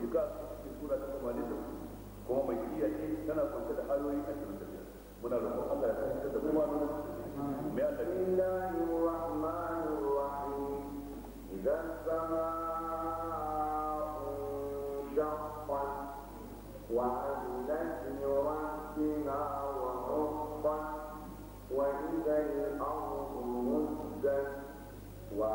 shiga cikin sura ta 80 kuma mai kiyaye tana kwanta da ayoyi 25 muna roƙon Allah ya kasance da kuma mu mai Allah Rahim idan shaqqat wa azlat rabbiha wa huqqat wa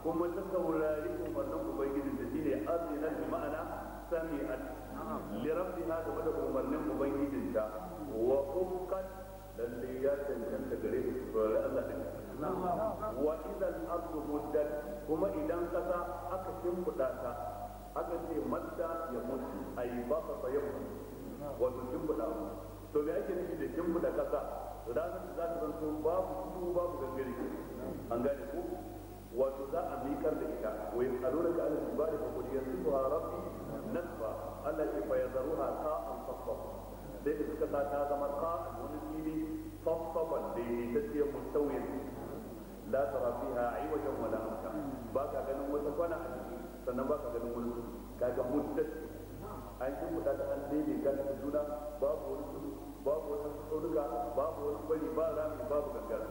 kuma ta saurari umarnin ubangiji da shine azina bi ma'ana sami'at li rabbiha da wada umarnin ubangijin ta wa umqat lalle ya tantance gare ta saurari Allah din wa idan ardu muddat kuma idan kasa aka shimfida ta aka ce madda ya mutu ai ba ka sayyamu wato shimfida to me ake nufi da shimfida kasa ranar da za ta zanto babu su babu gangare an gane ko wato za a mikar da ita wa yas'alunaka an al-jibali fa qul yansifuha rabbi nasfa Allah ya fa yazaruha qa'an safsafa sai da suka sa ta zama qa'an wani fili safsafan da ya tace mustawin la tara fiha aiwajan wala amta ba ka ganin wata kwana sannan ba ka ganin wani kaga muddat an yi kuɗa da an daidaita da juna babu wani kudu babu wani tsaunuka babu wani bari ba rami babu gangara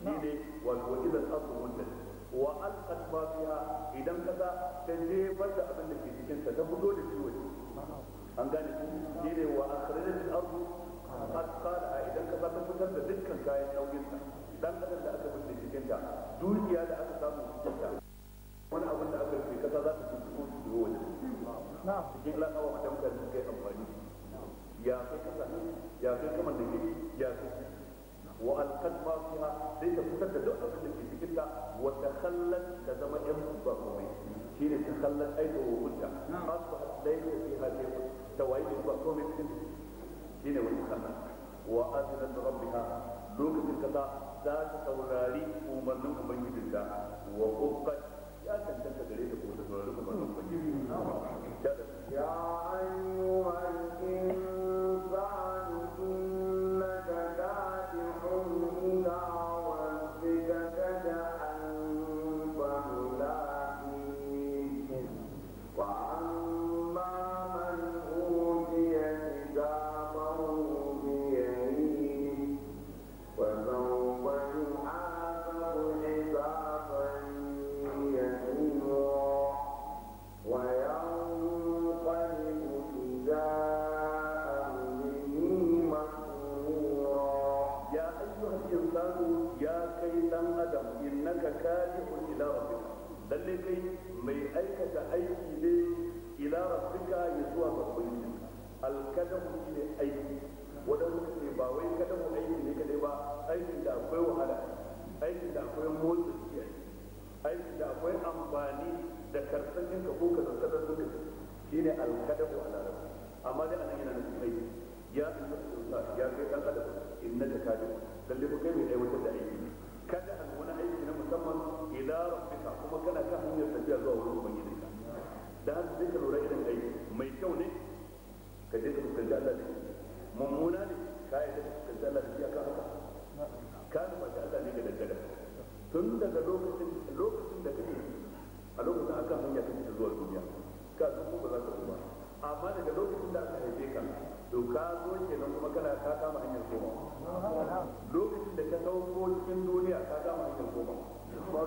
shi ne wato idan abu wannan wa alqat ma idan kaza ta jefar da abin da ke cikin ta ta fito da shi waje an gane shi ne wa akhrajat al-ard asqalaha idan kaza ta fitar da dukkan kayan nauyin ta dan kadan da aka fitar cikin ta dukiya da aka samu cikin ta wani abin da aka rufe kasa za ta fito da shi waje cikin lakawa da mutane suka yi amfani ya kai kasa ya kai kamar da ke ya kai wa alqat ma biha sai ta fitar da duk abin da ke تخلت كزما يمسك بقومي شيء تخلت أي وجه نعم. أصبحت ليس فيها شيء توايد بقومي شيء وتخلت وأذنت ربها لوكة القطاع ذات توراري ومن من الله وأبقت يا تنتهي ليس قوة توراري ومن أبنجد الله يا أيها motsa jiki a yi aiki da akwai amfani da karsashin ka ko ka zarkasar duka shi ne alkadabu a larabci amma dai anan yana nufin aiki ya isa sa ya kai dan adam inna ka kadim lalle ko kai mai aiwatar da aiki ne kada an wani aiki na musamman ila rabbika kuma kana kan hanyar tafiya zuwa wurin ubangijinka da haka sai ka lura irin aiki mai kyau ne ka je ka fuskanci Allah da shi mummuna ne ka yi da fuskanci Allah da shi akan haka ka nufa da Allah ne ga daddare tun daga lokacin lokacin da kake a lokacin aka hanya kake ta zuwa duniya ka san ko ba za ka ba amma daga lokacin da aka haife ka to ka zo nan kuma kana ka kama hanyar koma lokacin da ka sauko cikin duniya ka kama hanyar koma ila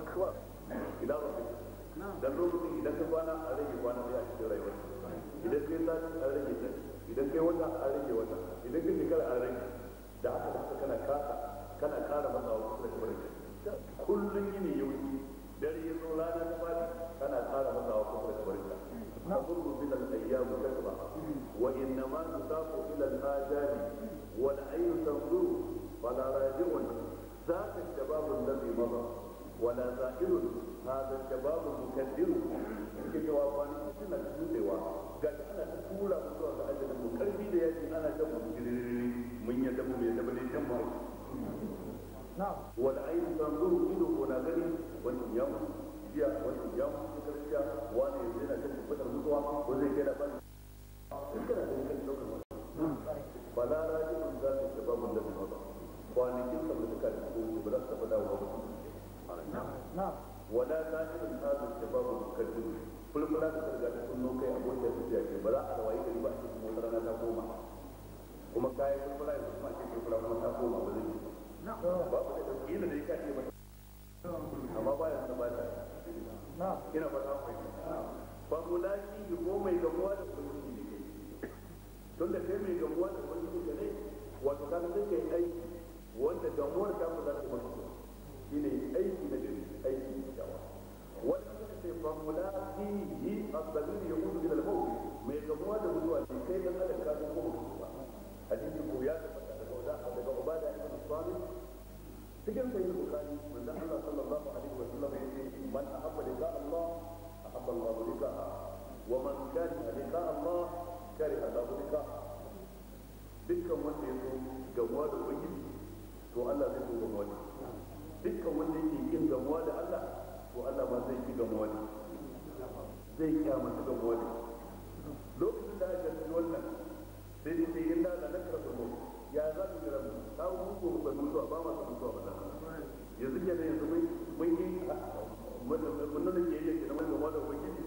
ba kai dan lokacin idan ka kwana a rage kwana sai a cikin rayuwar idan kai sati a rage sati idan kai wata a rage wata idan kai shekara a rage da haka da haka kana kasa kana kara matsawa kuma da kuma rage kullum yi ne yauki dare ya zo ranar tufafi kana tsara masa wa kofar tabarka na burbu bilan ayyamu ta ba wa inna ma su sako bilan hajjani wa da ayyu za wa da wani za ka shababun da bai maza wa da za'irun ha da shababun mukaddiru suke da wafani su suna da tutsewa ga ana ta tura mutuwa ga ajiyar mu karfi da yaji ana ta mutu girgiri mun yadda mu mai yadda mu ne wal ayn tanzuru ido ko gani wannan ya jiya wannan ya mutu wani yanzu yana kan mutuwa ko zai kai da bani duka da kan dokar za ta shababun da mata kwanakin sa da da ba za su taba dawowa ba na'am wala rajulun za ta da kaddu fulfula da karga ta kunno kai abota su ya ba za a rawayi gari ba a cikin motar na ta koma kuma kayan fulfula da kuma a cikin fulfula kuma ta koma ba zai babu da ɗauki da ya kaɗe mata amma baya hana ba ta ina ba ta fahimta ba mu lafi ko mai gamuwa da ubangiji ne tun da kai mai gamuwa da ubangiji ne wato ka sai kai aiki wanda gamuwar ta mu za ta ubangiji shi ne aiki na jiri aiki na kyawa wanda suka ce ba mu lafi yi a tsarin ya mutu ila mai gamuwa da mutuwa ne kai dan adam ka san ko ba hadisi ko ya tabbata الطالب cikin sai da bukari manzon Allah sallallahu alaihi wa sallam ya ce man ahabba liqa Allah ahabba Allah liqa wa man kariha liqa Allah kariha Allah liqa dukkan wanda ya so gamuwa da ubangiji to Allah zai so gamuwa da dukkan wanda yake kin gamuwa da Allah to Allah ba zai ki gamuwa da zai kyamata gamuwa da lokacin da aka ji wannan sai dai sai inda da nakaratul mu'min ya za mu jira mu ta hugo mu bai mutuwa ba ma ta mutuwa ba da yanzu ke da yanzu mun mun yi mun nan ke yake da mai gama da ubangiji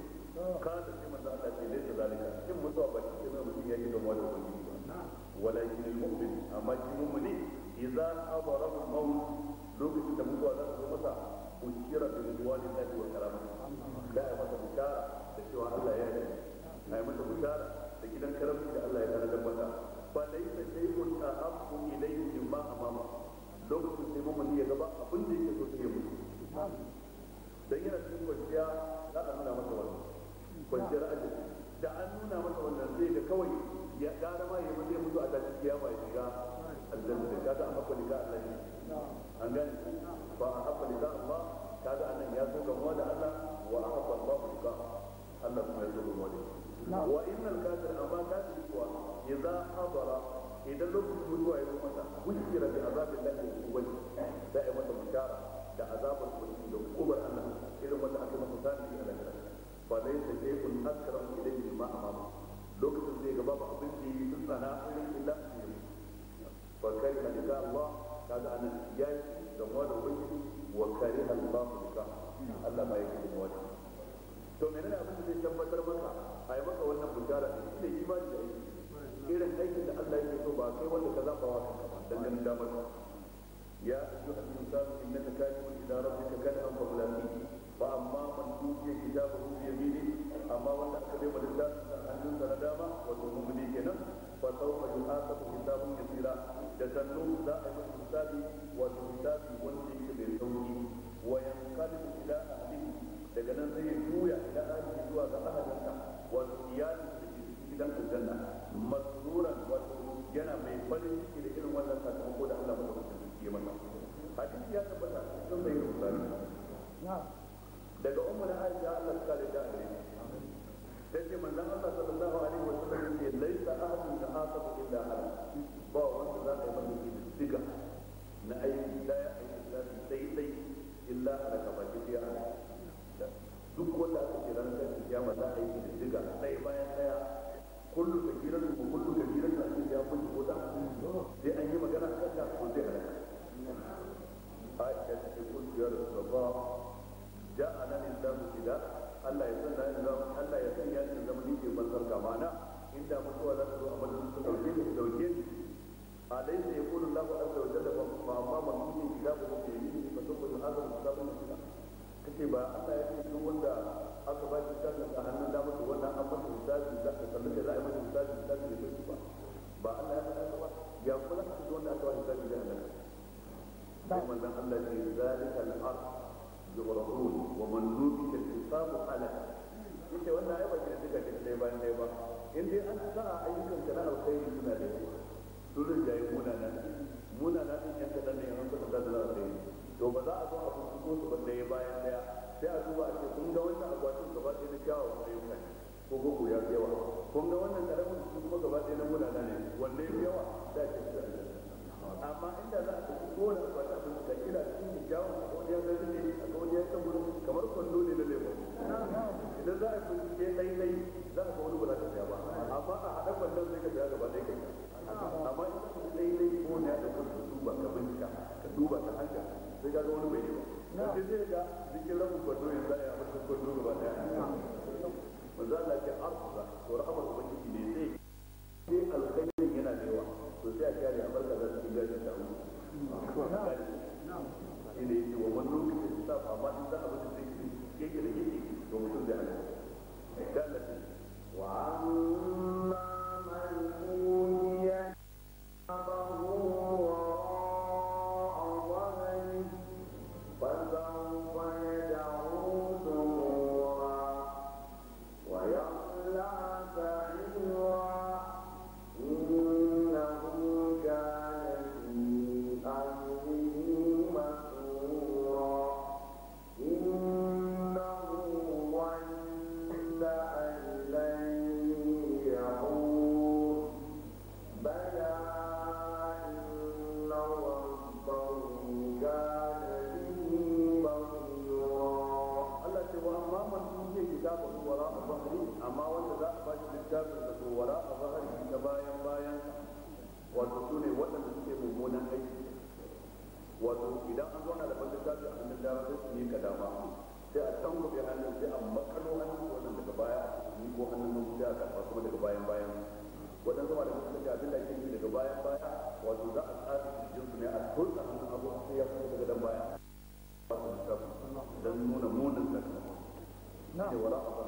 ka da sai manzo Allah ce laisa zalika kin mutuwa ba kike nan mutum yake da wani ubangiji ba walakin almu'min amma kin mu'mini Idan abarahu al-maut lokacin da mutuwa za ta zo masa ushira bi ridwani Allah wa karamati da ya masa bishara da cewa Allah ya yi ai masa bishara da gidan karamci da Allah ya tanadar masa فليس شيء أحب إليه مما أمامه لو كنت سيمو من يغبا أبن دي كتو سيمو دي رسول وشياء لا أمنا مطول وشياء أجل دعنونا مطول نرسي لكوي يا كارما يا من يا مدو أتاك سيامة يجيغا الزمد كذا أما قلقاء الله يجيغا أنجان فأحب لقاء الله كذا أن يأتوك موالا أنا وأحب الله لقاء الله كما يزول wa innal kafir amma kafir kuwa idza hadara idan lokacin mutuwa ya zo masa wujira bi azabil lahi wal da ai masa bishara da azabar kulli da kubar Allah irin wanda aka masa sani a lahira fa laysa shay'un akram ilayhi mimma amama lokacin zai ga babu abin da yi sun tsana irin illa fa karima lika Allah kaga anan yayi da wani ubangiji wa karima Allah lika Allah ba yake da wani to menene abin da zai tabbatar maka a yi maka wannan bujara da shi ne imani da aiki irin aikin da Allah yake so ba kai wanda ka zaba wa kanka ba dan ganin damar ka ya ayu al-insanu innaka kadhibun ila rabbika kadhan fa mulaqi fa amma man utiya kitabahu bi yamini amma wanda aka bai madalla da hannunsa na dama wato mu'mini kenan fa sawfa yu'aqabu kitabun yasira da sannu za a yi masa hisabi wato hisabi wanda yake bai sauki wa yanqalibu ila daga nan zai juya ila aji zuwa ga ahalinsa wato iyalin da ke cikin gidan aljanna masruran wato yana mai farin ciki da irin wannan sakamako da Allah madaukakin sarki ya masa hadisi ya tabbata cikin sahih bukhari daga ummu na aisha Allah ta da gare ta ce manzon Allah sallallahu alaihi wa sallam ya ce laisa ahadun ta'aqabu illa ahad ba wanda za ka yi masa diga na aiki ya aiki da sai sai illa alaka ba ya ya duk wanda aka ce ranar tashin kiyama za a yi da diga ɗaya bayan ɗaya kullum da kiran mu kullum da kiran da ake ya kunce ko da sai an yi magana kan ta ko zai halaka Aisha ta ce kun ya rasu ba ja a nan anan islamu shiga Allah ya sanya ni zama Allah ya sanya ni zama ni ke banzar kamana inda mutuwa za ta zo a madadin su dauke ni dauke ni a laifin ya alaysa yaqulu ba azza wa jalla ba amma ke yi kitabahu ba yaminihi fa tuqulu hadha al-kitabu min kace ba Allah ya ce duk wanda aka ba shi tsarin a hannun da mutu wannan an masa hisabi za ka kalli da za a masa hisabi da zai yi ba ba Allah ya faɗa ba ya kuma za ka ce wanda aka ba hisabi da hannun sai manzon Allah ce zalika al-ard yughraqun wa man nuqita al-hisabu ala yace wannan ai ba ki da duka kin dai ba dai ba in dai an sa ayyukan kana alkhairi suna da su dole jayi muna nan muna nan yan kadan ne an kuma da za a yi to ba za a zo a binciko su ba ɗaya bayan ɗaya sai a duba a ce kun ga wannan akwatin gaba ɗaya na kyawawan ayyuka ne ko ko ya fi yawa kun ga wannan ƙaramin su kuma gaba ɗaya na munana ne wanne ya fi yawa da ke fi amma inda za a tafi kowane akwati a kira da cikin kyakkyawan a kowane ya zai ne a kowane ya kan kamar kwando ne na lemo idan za a bincike ɗaiɗai za a ga wani ba za ka ba amma a haɗa kwallon zai ka saya gaba ɗaya kai amma in ka ɗaiɗai ko ne a ɗaukar ka duba ka bincika ka duba ta hankali sai ga wani bai yi ba zai ga jikin rabin kwando yanzu a yi a matsayin kwando gaba daya manzo Allah ya ce arzuka to bayan bayan da suka da ake yi daga bayan baya wato za a tsara jirgin su ne a kurta hannun abu sai ya fito daga dan baya don nuna munin ne wala a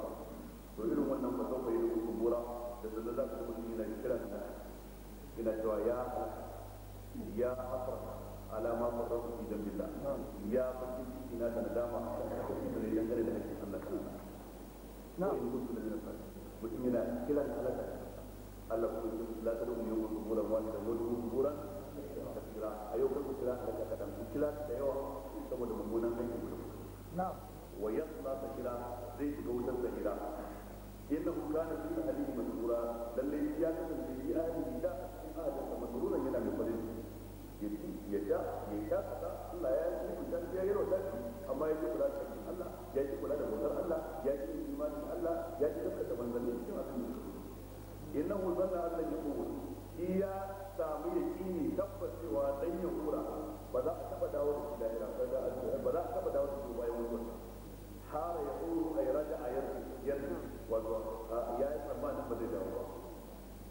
to irin wannan ba zan bayyana ku kumbura da sannan za ku kiran ina cewa ya ya alama ma bila ya na da nadama da kuma dangane da hakkin Allah in da mutum yana kiran halaka Allah kuma yake la ta dum yawma qubura wa ta mudu qubura kira a yau kan kira halaka kadan kira da yawa saboda mummunan aikin mutum na'am wa yasla ta kira zai shiga wutar da kira innahu kana fi alihi masrura lalle ya kasance fi alihi da cikin ahalinsa masruran yana mai farin ciki ya ja ya ja kaza Allah ya yi mutan ya yi rotar amma ya ji kula da Allah ya ji kula da motar Allah ya ji imanin Allah ya ci gaskata manzanni cikin abin da yake innahu zanna Allah ya kuma ya samu ya yaqini tabbas cewa dan ya kura ba za a taba dawo da lahira ba za a ba za a taba dawo da shi bayan wannan hara ya kuru raja raja'a yarda yarji wato ya yi tsammanin ba zai dawo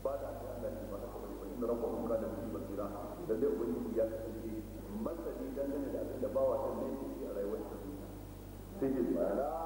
ba ba da ake Allah ne ba haka bane ba inna rabbakum kana bi basira da zai ubangiji ya kasance masani dangane da abin da bawa ta ne a rayuwar ta sai ya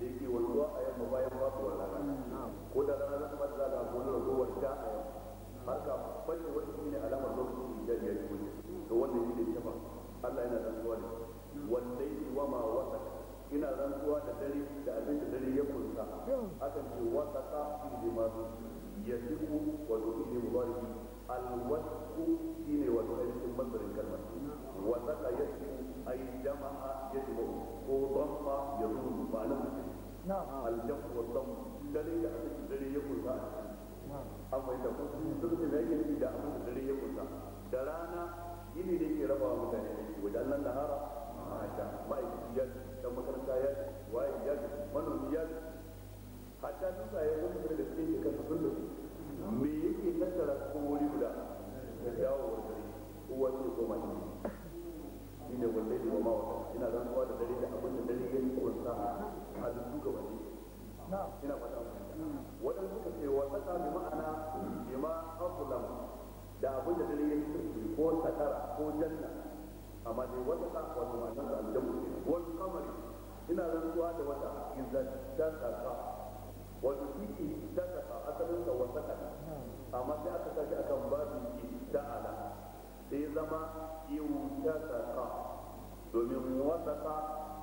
da yake wanzuwa a yamma bayan faɗuwar rana ko da rana zama da zaga ko na ragowar ta a yamma har ka fashe wani shi ne alamar lokacin hijabi ya shigo ne to wannan shi ne shafa Allah yana rantsuwa ne. wanda yi wa ma wasa ina rantsuwa da dare da abin da dare ya kunsa akan ce wasa ka shi ne masu ku wato shi ne mubariki alwasku shi ne wato ainihin masarin kalmar wasaka yasiku ay jama'a ya yasiku ko ban ba ba na mutum. aljan wasan dare da abin da dare ya kulsa a cikin an mai da kuma da yake nufi da abin da dare ya kulsa da rana yini ne ke rabawa mutane da shi wajen nan nahara ma'aisha ma'aikaci ya ji dan makaranta ya ji waye ya ji manomi ya ji hatta tsuntsaye wani mutane da suke kan sun da me yake tattara ko wuri guda da dawo wa dare kowa ke koma shi ne wallahi wa ma wata ina zan rantsuwa da dare da abin da dare ya kulsa halittu ga baki ina fata waɗanda suka ce wa tsaka bi ma'ana bima aslam da abin da dare yake turki ko satara ko janna amma dai wata ka wato ma'anar da ne wal qamari ina rantsuwa da wata idan ta tsaka wato shi ta tsaka asalin sa wata ka amma sai aka tashi akan babin ta'ala sai zama iwu ta tsaka domin wata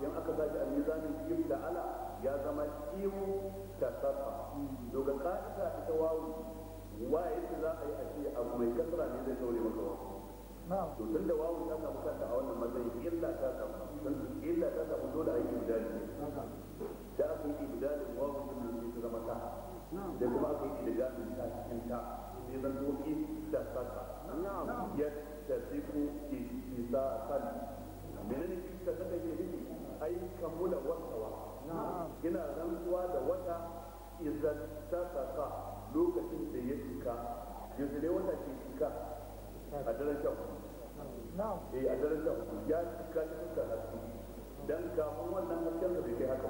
in aka tashi a mizanin kif da ala ya zama kiwu da sarfa to ga ka'ida ita wawu wa yadda za a yi a ce abu mai kasra ne zai saure maka wawu to tun da wawu ta samu kanta a wannan matsayin illa ta samu illa ta samu dole a yi ibdali da aka yi ibdalin wawu din nan ta zama ta da kuma aka yi ibdalin ta cikin ta sai zan zo da sarfa ya tafi ku isasan menene kika saka ke nufi ai kamula wasawa ina rantsuwa da wata idan ta saka lokacin da ya cika yanzu ne wata ke cika a darajar. hudu eh a darajar hudu ya cika ta fuska haske dan kafin wannan hasken da bai kai haka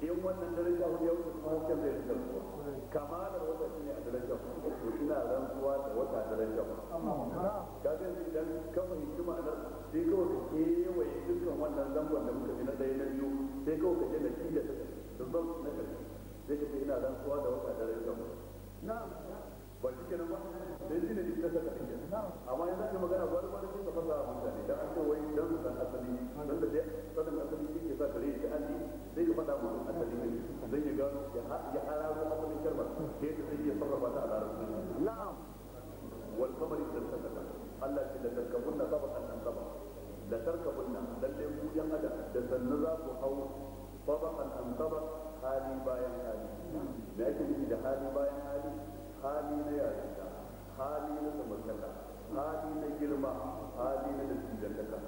in wannan daren sha hudu ya wuce kuma hasken zai rika rantsuwa kamalar wata shine a darajar. hudu to ina rantsuwa da wata daren sha hudu ka ga idan ka fahimci ma'anar sai kawai ka kewaye dukkan wannan zangon da muka sai kawai ka na kila ta dubban na karshe sai ka ce ina da wata ba shi kenan ba shi ne duk da saka amma yanzu aka magana ba da wani ka fasa mutane dan an ce wai dan san asali dan da sanin asali sa kare shi an sai ka fada mu asali ne ya gano ya ya asalin sai ka sai ya sarrafa ta a larabci na'am wal saka Allah da tarkabunna lalle ku yan adam da sannan za ku hau tabaqan an tabaq hali bayan hali me yake nufi da hali bayan hali hali na yarinta hali na samartaka hali na girma hali na dattijantaka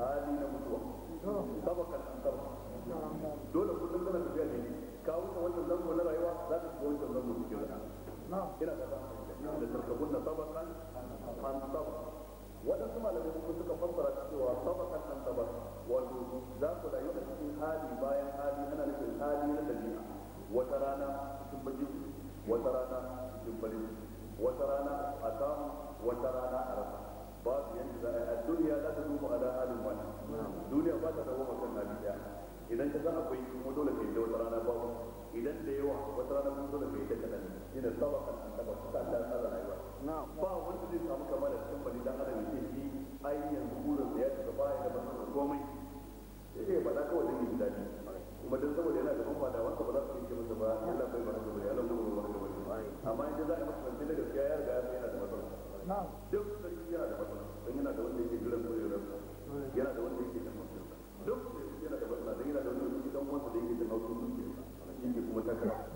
hali na mutuwa tabaqan an tabaq dole kullum kana tafiya ne ka wuce wannan zango na rayuwa za ka shiga wancan zango cikin rayuwa ina da da tarkabunna tabaqan an tabaq waɗansu malamai kuma suka fassara cewa sabakan an sabar wato za ku rayu a cikin hali bayan hali ana nufin hali na dabi'a wata rana cikin bakin wata rana cikin farin wata rana a samu wata rana a rasa babu yadda za a yi a duniya za ta duba a halin wani duniya ba ta dawo kan hali daya idan ka ga akwai kuma dole ka yi da wata rana babu idan da yawa wata rana kuma dole ka yi da kaɗan ina sabakan an sabar suka Allah tsara rayuwa ba wanda zai samu kama da cikin bani dan adam yake shi ai yanzu burin da ya tafi baya da masu komai sai dai da kawai dan yi dadi kuma dan saboda yana da mamba da wanda ba za su yi masa ba Allah bai baraka bare Allah bai baraka bare amma in za a masa fanti da gaskiya ya riga ya san yana da matsala duk sarki yana da matsala dan yana da wanda yake jiran kujerar yana da wanda yake da matsala duk yana da matsala dan yana da wanda yake dan wanda yake da nauyin kujerar shi ne kuma takara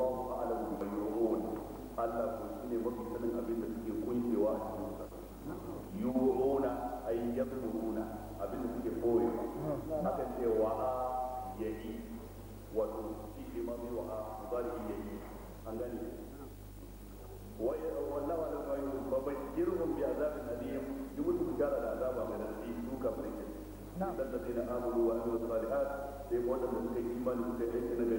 wallahu a'lam bi yu'un Allah ko shine mafi sanin abin da suke kuncewa a cikin sa yu'una ay yaquluna abin da suke koyi haka ce wa yayi wato shi ma mai wa mudari yayi an gane والله على الغيوب فبشرهم بعذاب أليم يموتوا بشارة العذاب من الذي سوك فريقين نعم الذين آمنوا وعملوا الصالحات sai waɗanda suka yi imani suka yi aiki na gari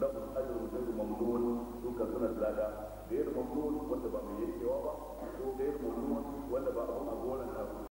lahum ajrun ghayru mamnun duka suna lada ghayru mamnun wanda ba mai yankewa ba ko ghayru mamnun wanda ba abun a goran